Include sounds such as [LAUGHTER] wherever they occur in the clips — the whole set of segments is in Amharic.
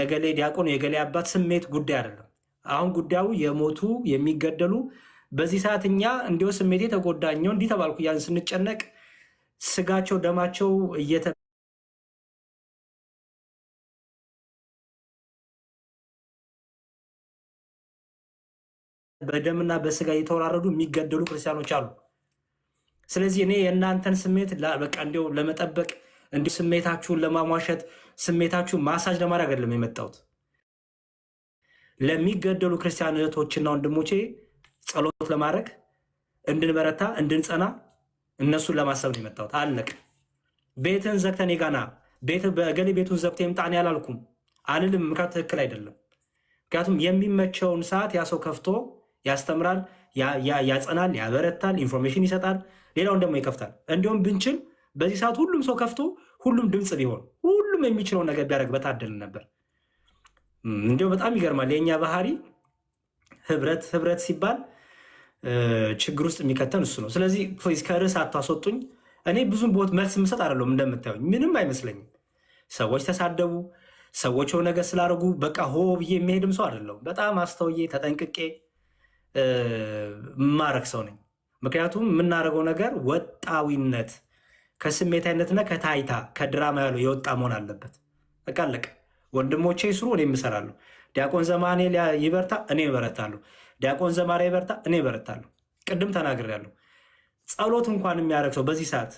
የገሌ ዲያቆን የገሌ አባት ስሜት ጉዳይ አይደለም። አሁን ጉዳዩ የሞቱ የሚገደሉ በዚህ ሰዓት እኛ እንዲሁ ስሜቴ ተጎዳኘው እንዲህ ተባልኩ ያን ስንጨነቅ ስጋቸው ደማቸው እየተ በደምና በስጋ እየተወራረዱ የሚገደሉ ክርስቲያኖች አሉ። ስለዚህ እኔ የእናንተን ስሜት በቃ እንዲሁ ለመጠበቅ እንዲሁ ስሜታችሁን ለማሟሸት ስሜታችሁን ማሳጅ ለማድረግ አይደለም የመጣሁት። ለሚገደሉ ክርስቲያን እህቶችና ወንድሞቼ ጸሎት ለማድረግ እንድንበረታ፣ እንድንጸና እነሱን ለማሰብ ነው የመጣሁት። አለቅ ቤትን ዘግተን የጋና ቤት በእገሌ ቤቱን ዘግተ ይምጣን ያላልኩም አልልም። ምክንያቱ ትክክል አይደለም። ምክንያቱም የሚመቸውን ሰዓት ያሰው ሰው ከፍቶ ያስተምራል፣ ያጸናል፣ ያበረታል፣ ኢንፎርሜሽን ይሰጣል፣ ሌላውን ደግሞ ይከፍታል። እንዲሁም ብንችል በዚህ ሰዓት ሁሉም ሰው ከፍቶ ሁሉም ድምፅ ቢሆን ሁሉም የሚችለውን ነገር ቢያደርግ በታደልን ነበር። እንዲሁም በጣም ይገርማል የእኛ ባህሪ ህብረት ህብረት ሲባል ችግር ውስጥ የሚከተን እሱ ነው። ስለዚህ ፕሊዝ ከርዕስ አታስወጡኝ። እኔ ብዙም ቦት መልስ የምሰጥ አይደለም እንደምታዩኝ ምንም አይመስለኝም። ሰዎች ተሳደቡ፣ ሰዎች የሆነ ነገር ስላደረጉ በቃ ሆ ብዬ የሚሄድም ሰው አይደለሁም። በጣም አስተውዬ ተጠንቅቄ ማረግ ሰው ነኝ። ምክንያቱም የምናደርገው ነገር ወጣዊነት ከስሜታዊነትና ከታይታ ከድራማ ያሉ የወጣ መሆን አለበት። በቃ ወንድሞቼ ስሩ፣ እኔ እሰራለሁ። ዲያቆን ዘማኔ ይበርታ፣ እኔ እበረታለሁ። ዲያቆን ዘማሪ ይበርታ፣ እኔ እበረታለሁ። ቅድም ተናግሬያለሁ። ጸሎት እንኳን የሚያደርግ ሰው በዚህ ሰዓት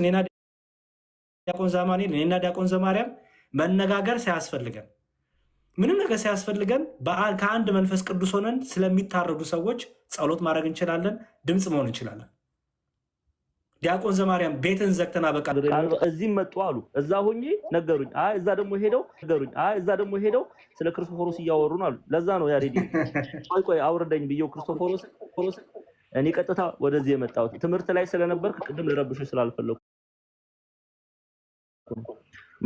እኔና ዲያቆን ዘማኔል እኔና ዲያቆን ዘማርያም መነጋገር ሳያስፈልገን ምንም ነገር ሳያስፈልገን ከአንድ መንፈስ ቅዱስ ሆነን ስለሚታረዱ ሰዎች ጸሎት ማድረግ እንችላለን። ድምፅ መሆን እንችላለን። ዲያቆን ዘማርያም ቤትን ዘግተና በቃ እዚህም መጡ አሉ። እዛ ሆኜ ነገሩኝ። እዛ ደግሞ ሄደው ነገሩኝ። እዛ ደግሞ ሄደው ስለ ክርስቶፎሮስ እያወሩ ነው አሉ። ለዛ ነው ያሬድ ቆይ ቆይ አውረደኝ ብየው ክርስቶፎሮስ እኔ ቀጥታ ወደዚህ የመጣሁት ትምህርት ላይ ስለነበር ቅድም ልረብሽ ስላልፈለኩ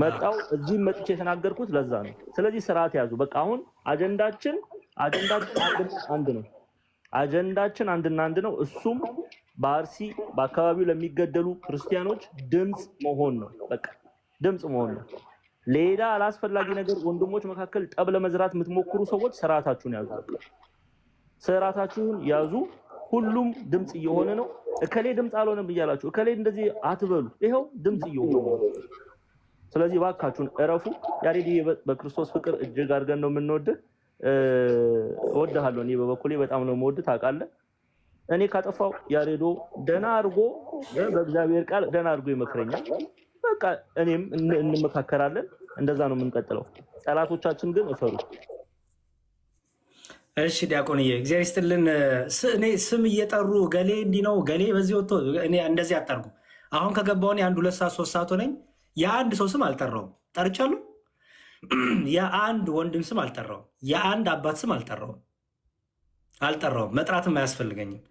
መጣው እዚህ መጥቼ የተናገርኩት ለዛ ነው። ስለዚህ ስርዓት ያዙ። በቃ አሁን አጀንዳችን አጀንዳችን አንድና አንድ ነው። አጀንዳችን አንድና አንድ ነው። እሱም በአርሲ በአካባቢው ለሚገደሉ ክርስቲያኖች ድምፅ መሆን ነው። በቃ ድምፅ መሆን ነው። ሌላ አላስፈላጊ ነገር ወንድሞች መካከል ጠብ ለመዝራት የምትሞክሩ ሰዎች ስርዓታችሁን ያዙ። ስርዓታችሁን ያዙ። ሁሉም ድምፅ እየሆነ ነው። እከሌ ድምፅ አልሆነም እያላችሁ እከሌ እንደዚህ አትበሉ። ይኸው ድምፅ እየሆነ ነው። ስለዚህ እባካችሁን እረፉ። ያሬድ በክርስቶስ ፍቅር እጅግ አድርገን ነው የምንወድህ። እወድሃለሁ። እኔ በበኩሌ በጣም ነው የምወድህ ታውቃለህ። እኔ ካጠፋው ያሬዶ ደህና አድርጎ በእግዚአብሔር ቃል ደህና አድርጎ ይመክረኛል። በቃ እኔም እንመካከራለን። እንደዛ ነው የምንቀጥለው። ጠላቶቻችን ግን እፈሩ። እሺ ዲያቆንዬ እግዚአብሔር ይስጥልን። እኔ ስም እየጠሩ ገሌ እንዲህ ነው ገሌ በዚህ ወጥቶ እኔ እንደዚህ አታርጉ። አሁን ከገባሁ እኔ አንድ ሁለት ሰዓት ሶስት ሰዓት ሆነኝ የአንድ ሰው ስም አልጠራውም። ጠርቻለሁ። [CLEARS THROAT] የአንድ ወንድም ስም አልጠራውም። የአንድ አባት ስም አልጠራውም አልጠራውም። መጥራትም አያስፈልገኝም።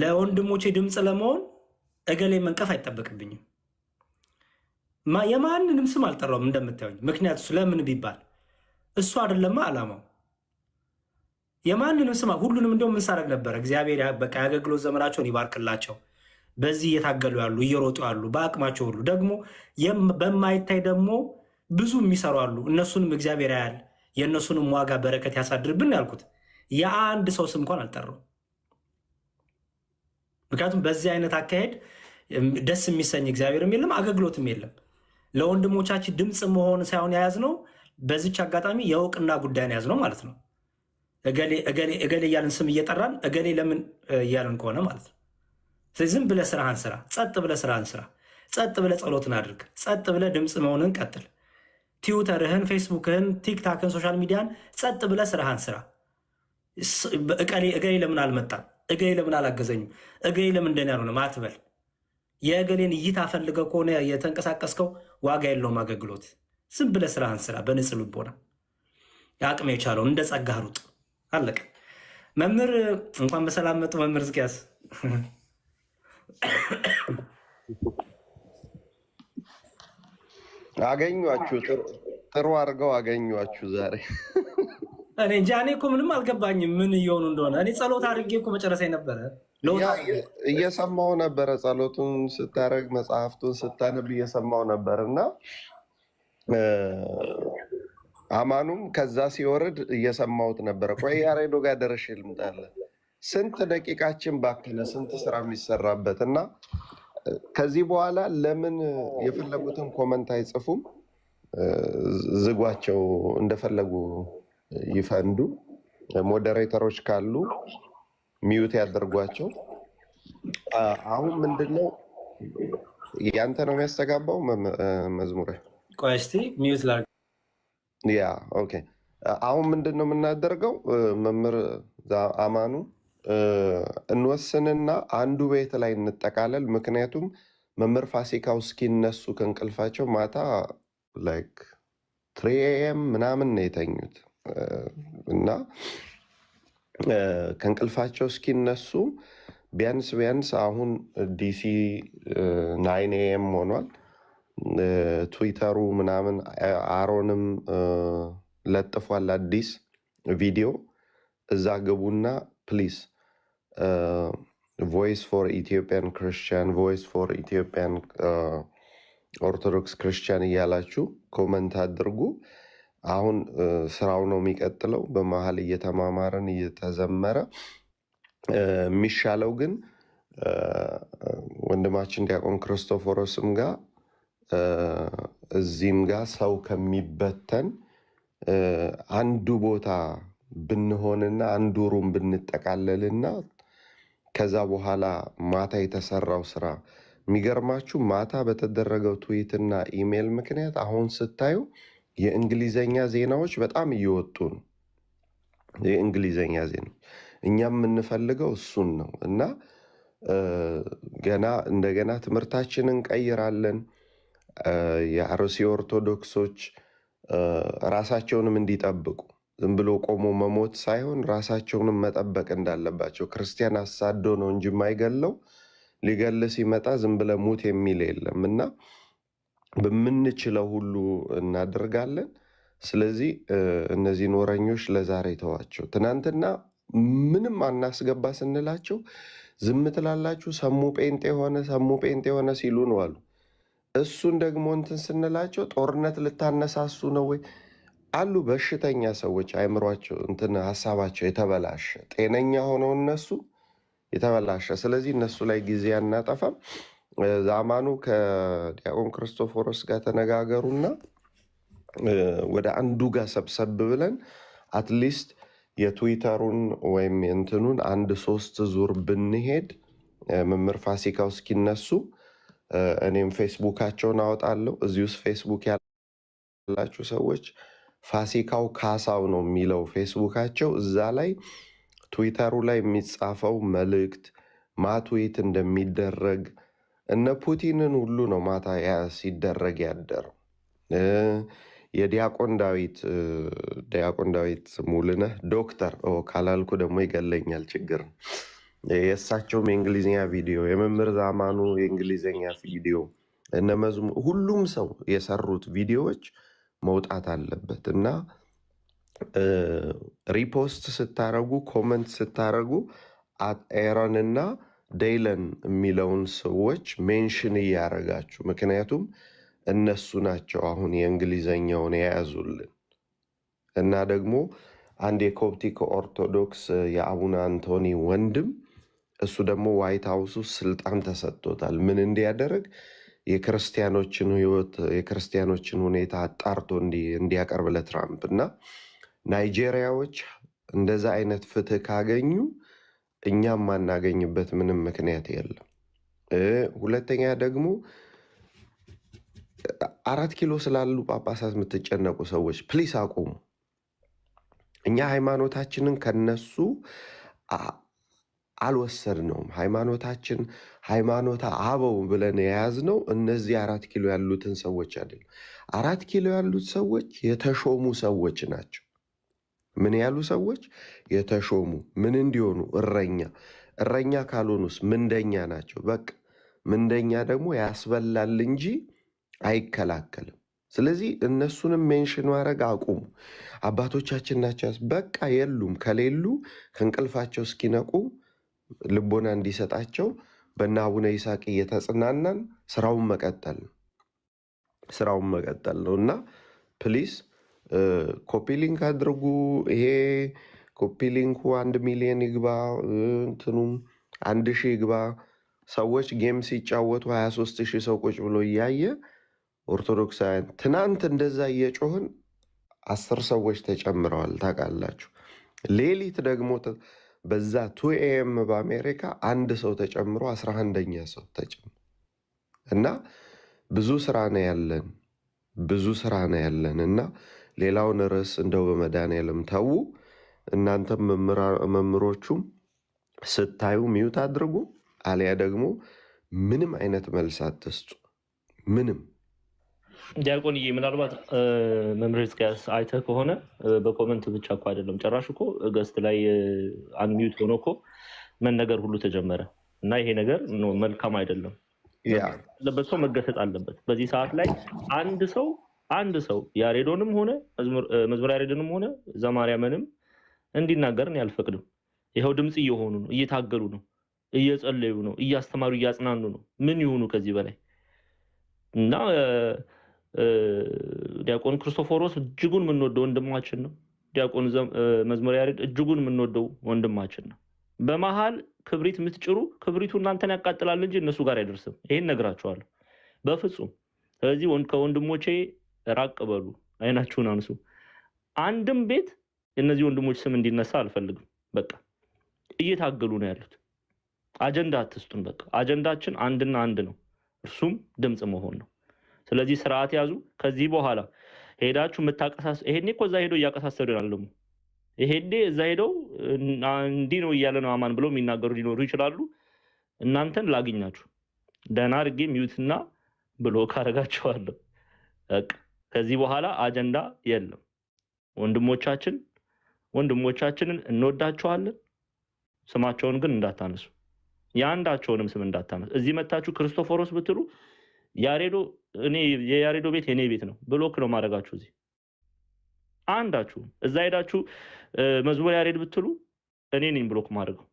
ለወንድሞቼ ድምፅ ለመሆን እገሌ መንቀፍ አይጠበቅብኝም። የማንንም ስም አልጠራውም እንደምታየኝ። ምክንያቱ ስለምን ቢባል እሱ አይደለማ አላማው። የማንንም ስም ሁሉንም እንዲያውም ምንሳረግ ነበረ? እግዚአብሔር በቃ የአገልግሎት ዘመናቸውን ይባርክላቸው በዚህ እየታገሉ ያሉ እየሮጡ ያሉ በአቅማቸው ሁሉ ደግሞ በማይታይ ደግሞ ብዙ የሚሰሩ አሉ። እነሱንም እግዚአብሔር ያያል፣ የእነሱንም ዋጋ በረከት ያሳድርብን ያልኩት የአንድ ሰው ስም እንኳን አልጠራው። ምክንያቱም በዚህ አይነት አካሄድ ደስ የሚሰኝ እግዚአብሔርም የለም አገልግሎትም የለም። ለወንድሞቻችን ድምፅ መሆን ሳይሆን የያዝ ነው በዚች አጋጣሚ የእውቅና ጉዳይን ነው ማለት ነው። እገሌ እያልን ስም እየጠራን እገሌ ለምን እያልን ከሆነ ማለት ነው ዝም ብለ ስራህን ስራ፣ ጸጥ ብለ ስራህን ስራ፣ ጸጥ ብለ ጸሎትን አድርግ፣ ጸጥ ብለ ድምፅ መሆንን ቀጥል። ትዊተርህን፣ ፌስቡክህን፣ ቲክታክን፣ ሶሻል ሚዲያን ጸጥ ብለ ስራህን ስራ። እገሌ ለምን አልመጣም? እገሌ ለምን አላገዘኝም? እገሌ ለምን እንደኔ አልሆነም አትበል። የእገሌን እይታ ፈልገው ከሆነ የተንቀሳቀስከው ዋጋ የለውም አገልግሎት። ዝም ብለ ስራህን ስራ በንጹህ ልቦና አቅም የቻለውን እንደ ጸጋህ ሩጥ። አለቀ። መምህር እንኳን በሰላም መጡ። መምህር ዝቅያስ አገኟችሁ። ጥሩ አድርገው አገኟችሁ ዛሬ። እኔ እንጃ እኔ እኮ ምንም አልገባኝም ምን እየሆኑ እንደሆነ። እኔ ጸሎት አድርጌ እኮ መጨረሳ ነበረ እየሰማው ነበረ። ጸሎቱን ስታደርግ መጽሐፍቱን ስታነብ እየሰማው ነበር እና አማኑም ከዛ ሲወርድ እየሰማሁት ነበረ። ቆይ ያሬዶ ጋር ደረሽ ልምጣለን ስንት ደቂቃችን ባከነ፣ ስንት ስራ የሚሰራበት እና ከዚህ በኋላ ለምን የፈለጉትን ኮመንት አይጽፉም? ዝጓቸው እንደፈለጉ ይፈንዱ። ሞዴሬተሮች ካሉ ሚዩት ያደርጓቸው። አሁን ምንድነው ያንተ ነው የሚያስተጋባው መዝሙር ቆስቲ ሚዩት ላ ያ ኦኬ። አሁን ምንድን ነው የምናደርገው መምህር አማኑ እንወስንና አንዱ ቤት ላይ እንጠቃለል። ምክንያቱም መምህር ፋሲካው እስኪነሱ ከእንቅልፋቸው ማታ ላይክ ትሪ ኤም ምናምን ነው የተኙት እና ከእንቅልፋቸው እስኪነሱ ቢያንስ ቢያንስ አሁን ዲሲ ናይን ኤም ሆኗል። ትዊተሩ ምናምን አሮንም ለጥፏል አዲስ ቪዲዮ እዛ ግቡና ፕሊስ ቮይስ ፎር ኢትዮጵያን ክርስቲያን ቮይስ ፎር ኢትዮጵያን ኦርቶዶክስ ክርስቲያን እያላችሁ ኮመንት አድርጉ። አሁን uh, ስራው ነው የሚቀጥለው። በመሀል እየተማማረን እየተዘመረ uh, የሚሻለው ግን uh, ወንድማችን ዲያቆን ክርስቶፎሮስም ጋር እዚህም ጋር ሰው ከሚበተን አንዱ ቦታ ብንሆንና አንዱ ሩም ብንጠቃለልና ከዛ በኋላ ማታ የተሰራው ስራ የሚገርማችሁ ማታ በተደረገው ትዊትና ኢሜይል ምክንያት አሁን ስታዩ የእንግሊዘኛ ዜናዎች በጣም እየወጡ ነው። የእንግሊዘኛ ዜናዎች እኛም የምንፈልገው እሱን ነው እና ገና እንደገና ትምህርታችንን እንቀይራለን። የአርሲ ኦርቶዶክሶች ራሳቸውንም እንዲጠብቁ ዝም ብሎ ቆሞ መሞት ሳይሆን ራሳቸውንም መጠበቅ እንዳለባቸው። ክርስቲያን አሳዶ ነው እንጂ የማይገለው ሊገል ሲመጣ ዝም ብለ ሙት የሚል የለም እና በምንችለው ሁሉ እናደርጋለን። ስለዚህ እነዚህ ኖረኞች ለዛሬ ተዋቸው። ትናንትና ምንም አናስገባ ስንላቸው ዝም ትላላችሁ፣ ሰሙ ጴንጤ የሆነ ሰሙ ጴንጤ የሆነ ሲሉ ነው አሉ። እሱን ደግሞ እንትን ስንላቸው ጦርነት ልታነሳሱ ነው ወይ አሉ በሽተኛ ሰዎች አይምሯቸው እንትን ሀሳባቸው የተበላሸ ጤነኛ ሆነው እነሱ የተበላሸ። ስለዚህ እነሱ ላይ ጊዜ አናጠፋም። ዛማኑ ከዲያቆን ክርስቶፎሮስ ጋር ተነጋገሩና ወደ አንዱ ጋር ሰብሰብ ብለን አትሊስት የትዊተሩን ወይም እንትኑን አንድ ሶስት ዙር ብንሄድ መምህር ፋሲካው እስኪነሱ እኔም ፌስቡካቸውን አወጣለሁ። እዚህ ውስጥ ፌስቡክ ያላችሁ ሰዎች ፋሲካው ካሳው ነው የሚለው ፌስቡካቸው። እዛ ላይ ትዊተሩ ላይ የሚጻፈው መልእክት ማትዌት እንደሚደረግ እነ ፑቲንን ሁሉ ነው ማታ ሲደረግ ያደረው። የዲያቆን ዳዊት ዲያቆን ዳዊት ሙልነህ ዶክተር ካላልኩ ደግሞ ይገለኛል፣ ችግር የእሳቸውም የእንግሊዝኛ ቪዲዮ፣ የመምህር ዛማኑ የእንግሊዝኛ ቪዲዮ፣ እነ መዝሙ ሁሉም ሰው የሰሩት ቪዲዮዎች መውጣት አለበት እና ሪፖስት ስታረጉ ኮመንት ስታረጉ ኤረን እና ደይለን የሚለውን ሰዎች ሜንሽን እያረጋችሁ ምክንያቱም እነሱ ናቸው አሁን የእንግሊዘኛውን የያዙልን እና ደግሞ አንድ የኮፕቲክ ኦርቶዶክስ የአቡነ አንቶኒ ወንድም እሱ ደግሞ ዋይት ሀውሱ ስልጣን ተሰጥቶታል ምን እንዲያደረግ የክርስቲያኖችን ህይወት የክርስቲያኖችን ሁኔታ አጣርቶ እንዲያቀርብ ለትራምፕ እና ናይጄሪያዎች እንደዛ አይነት ፍትህ ካገኙ እኛም ማናገኝበት ምንም ምክንያት የለም። ሁለተኛ ደግሞ አራት ኪሎ ስላሉ ጳጳሳት የምትጨነቁ ሰዎች ፕሊስ አቁሙ። እኛ ሃይማኖታችንን ከነሱ አልወሰድነውም። ሃይማኖታችን ሃይማኖተ አበው ብለን የያዝነው እነዚህ አራት ኪሎ ያሉትን ሰዎች አይደለም። አራት ኪሎ ያሉት ሰዎች የተሾሙ ሰዎች ናቸው። ምን ያሉ ሰዎች የተሾሙ ምን እንዲሆኑ እረኛ እረኛ ካልሆኑስ ምንደኛ ናቸው። በቃ ምንደኛ ደግሞ ያስበላል እንጂ አይከላከልም። ስለዚህ እነሱንም ሜንሽን ማድረግ አቁሙ። አባቶቻችን ናቸው። በቃ የሉም። ከሌሉ ከእንቅልፋቸው እስኪነቁ ልቦና እንዲሰጣቸው በእነ አቡነ ይስሐቅ እየተጽናናን ስራውን መቀጠል ስራውን መቀጠል ነው እና ፕሊስ ኮፒ ሊንክ አድርጉ። ይሄ ኮፒ ሊንኩ አንድ ሚሊዮን ይግባ፣ እንትኑም አንድ ሺህ ይግባ። ሰዎች ጌም ሲጫወቱ 23 ሺህ ሰው ቁጭ ብሎ እያየ ኦርቶዶክሳውያን ትናንት እንደዛ እየጮህን አስር ሰዎች ተጨምረዋል። ታውቃላችሁ ሌሊት ደግሞ በዛ ቱ ኤም በአሜሪካ አንድ ሰው ተጨምሮ አስራ አንደኛ ሰው ተጨምሮ እና ብዙ ስራ ነው ያለን ብዙ ስራ ነው ያለን እና ሌላውን ርዕስ እንደው በመድኃኒዓለም ተዉ። እናንተም መምህሮቹም ስታዩ ሚዩት አድርጉ፣ አሊያ ደግሞ ምንም አይነት መልስ አትስጡ። ምንም ዲያቆንዬ ምናልባት መምህር ሕዝቅያስ አይተ ከሆነ በኮመንት ብቻ እኮ አይደለም ጭራሽ እኮ ገስት ላይ አንሚዩት ሆኖ እኮ መነገር ሁሉ ተጀመረ እና ይሄ ነገር መልካም አይደለም። ለበት ሰው መገሰጥ አለበት። በዚህ ሰዓት ላይ አንድ ሰው አንድ ሰው ያሬዶንም ሆነ መዝሙር ያሬዶንም ሆነ ዘማርያምንም እንዲናገርን ያልፈቅድም። ይኸው ድምፅ እየሆኑ ነው፣ እየታገሉ ነው፣ እየጸለዩ ነው፣ እያስተማሩ እያጽናኑ ነው። ምን ይሆኑ ከዚህ በላይ እና ዲያቆን ክርስቶፎሮስ እጅጉን የምንወደው ወንድማችን ነው። ዲያቆን መዝሙር ያሬድ እጅጉን የምንወደው ወንድማችን ነው። በመሀል ክብሪት የምትጭሩ ክብሪቱ እናንተን ያቃጥላል እንጂ እነሱ ጋር አይደርስም። ይሄን ነግራችኋለሁ በፍጹም። ስለዚህ ከወንድሞቼ ራቅ በሉ፣ አይናችሁን አንሱ። አንድም ቤት እነዚህ ወንድሞች ስም እንዲነሳ አልፈልግም። በቃ እየታገሉ ነው ያሉት። አጀንዳ አትስጡን። በቃ አጀንዳችን አንድና አንድ ነው፣ እርሱም ድምፅ መሆን ነው። ስለዚህ ስርዓት ያዙ። ከዚህ በኋላ ሄዳችሁ የምታቀሳስ ይሄኔ እኮ እዛ ሄዶ እያቀሳሰዱ ይላሉ። ይሄኔ እዛ ሄደው እንዲህ ነው እያለ ነው አማን ብለው የሚናገሩ ሊኖሩ ይችላሉ። እናንተን ላግኛችሁ ደህና አድርጌ ሚዩትና ብሎ ካረጋችኋለሁ። ከዚህ በኋላ አጀንዳ የለም። ወንድሞቻችን ወንድሞቻችንን እንወዳችኋለን። ስማቸውን ግን እንዳታነሱ፣ የአንዳቸውንም ስም እንዳታነሱ። እዚህ መታችሁ ክርስቶፎሮስ ብትሉ ያሬዶ እኔ የያሬዶ ቤት የኔ ቤት ነው። ብሎክ ነው ማድረጋችሁ። እዚህ አንዳችሁ እዛ ሄዳችሁ መዝሙር ያሬድ ብትሉ እኔ ነኝ ብሎክ ማድረገው።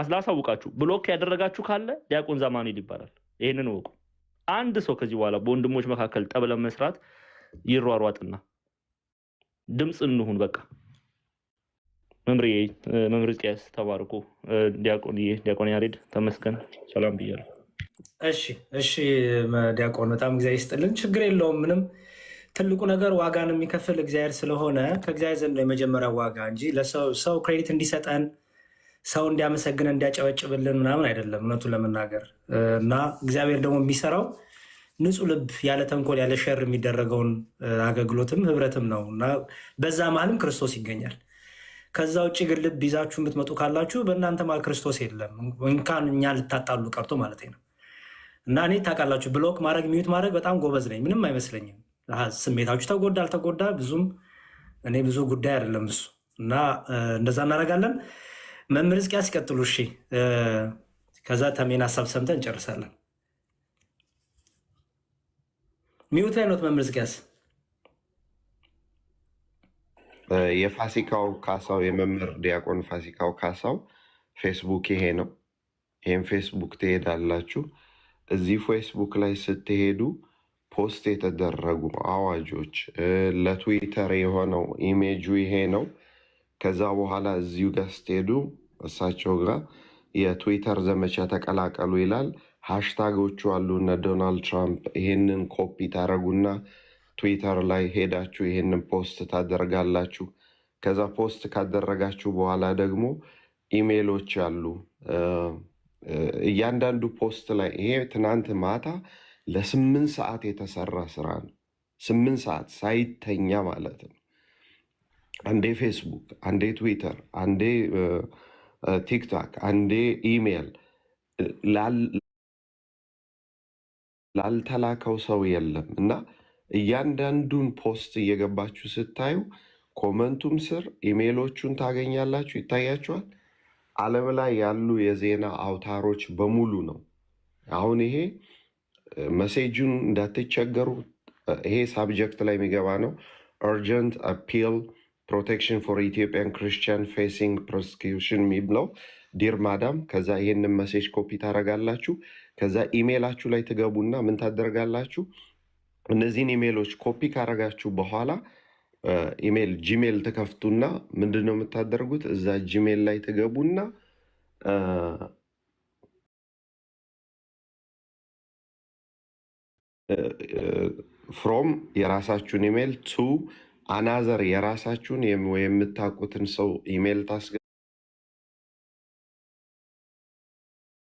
አስላሳውቃችሁ ብሎክ ያደረጋችሁ ካለ ዲያቆን ዛማኒል ይባላል። ይህንን እወቁ። አንድ ሰው ከዚህ በኋላ በወንድሞች መካከል ጠብለ መስራት ይሯሯጥና ድምፅ እንሁን። በቃ መምሪ መምሪ ቄስ ተባርኩ። ዲያቆን ያሬድ ተመስገን ሰላም ብያለሁ። እሺ እሺ፣ ዲያቆን በጣም እግዚአብሔር ይስጥልን። ችግር የለውም ምንም። ትልቁ ነገር ዋጋን የሚከፍል እግዚአብሔር ስለሆነ ከእግዚአብሔር ዘንድ የመጀመሪያው ዋጋ እንጂ ለሰው ክሬዲት እንዲሰጠን ሰው እንዲያመሰግን እንዲያጨበጭብልን ምናምን አይደለም እውነቱን ለመናገር እና እግዚአብሔር ደግሞ የሚሰራው ንጹህ ልብ ያለ ተንኮል ያለ ሸር የሚደረገውን አገልግሎትም ህብረትም ነው እና በዛ መሀልም ክርስቶስ ይገኛል። ከዛ ውጭ ግን ልብ ይዛችሁ የምትመጡ ካላችሁ በእናንተ መሀል ክርስቶስ የለም። እንኳን እኛ ልታጣሉ ቀርቶ ማለት ነው እና እኔ ታውቃላችሁ ብሎክ ማድረግ ሚዩት ማድረግ በጣም ጎበዝ ነኝ። ምንም አይመስለኝም። ስሜታችሁ ተጎዳ አልተጎዳ ብዙም እኔ ብዙ ጉዳይ አይደለም እሱ እና እንደዛ እናደርጋለን። መምህር ሕዝቅያስ ሲቀጥሉ፣ እሺ ከዛ ተሜን ሀሳብ ሰምተን እንጨርሳለን። ሚዩት ላይ ኖት መምህር ሕዝቅያስ የፋሲካው ካሳው የመምህር ዲያቆን ፋሲካው ካሳው ፌስቡክ ይሄ ነው። ይህም ፌስቡክ ትሄዳላችሁ እዚህ ፌስቡክ ላይ ስትሄዱ ፖስት የተደረጉ አዋጆች ለትዊተር የሆነው ኢሜጁ ይሄ ነው። ከዛ በኋላ እዚሁ ጋር ስትሄዱ እሳቸው ጋር የትዊተር ዘመቻ ተቀላቀሉ ይላል። ሃሽታጎቹ አሉ እነ ዶናልድ ትራምፕ። ይሄንን ኮፒ ታደረጉና ትዊተር ላይ ሄዳችሁ ይሄንን ፖስት ታደርጋላችሁ። ከዛ ፖስት ካደረጋችሁ በኋላ ደግሞ ኢሜሎች አሉ እያንዳንዱ ፖስት ላይ ይሄ ትናንት ማታ ለስምንት ሰዓት የተሰራ ስራ ነው። ስምንት ሰዓት ሳይተኛ ማለት ነው። አንዴ ፌስቡክ፣ አንዴ ትዊተር፣ አንዴ ቲክቶክ፣ አንዴ ኢሜይል ላልተላከው ሰው የለም እና እያንዳንዱን ፖስት እየገባችሁ ስታዩ ኮመንቱም ስር ኢሜይሎቹን ታገኛላችሁ፣ ይታያችኋል። ዓለም ላይ ያሉ የዜና አውታሮች በሙሉ ነው። አሁን ይሄ መሴጁን እንዳትቸገሩ፣ ይሄ ሳብጀክት ላይ የሚገባ ነው። ርጀንት አፒል ፕሮቴክሽን ፎር ኢትዮጵያን ክርስቲያን ፌሲንግ ፕሮስኪዩሽን የሚብለው ዲር ማዳም። ከዛ ይህንን መሴጅ ኮፒ ታደርጋላችሁ። ከዛ ኢሜይላችሁ ላይ ትገቡና ምን ታደርጋላችሁ? እነዚህን ኢሜይሎች ኮፒ ካረጋችሁ በኋላ ኢሜል ጂሜል ትከፍቱና ምንድን ነው የምታደርጉት? እዛ ጂሜል ላይ ትገቡና ፍሮም የራሳችሁን ኢሜል ቱ አናዘር የራሳችሁን የምታውቁትን ሰው ኢሜል ታስገ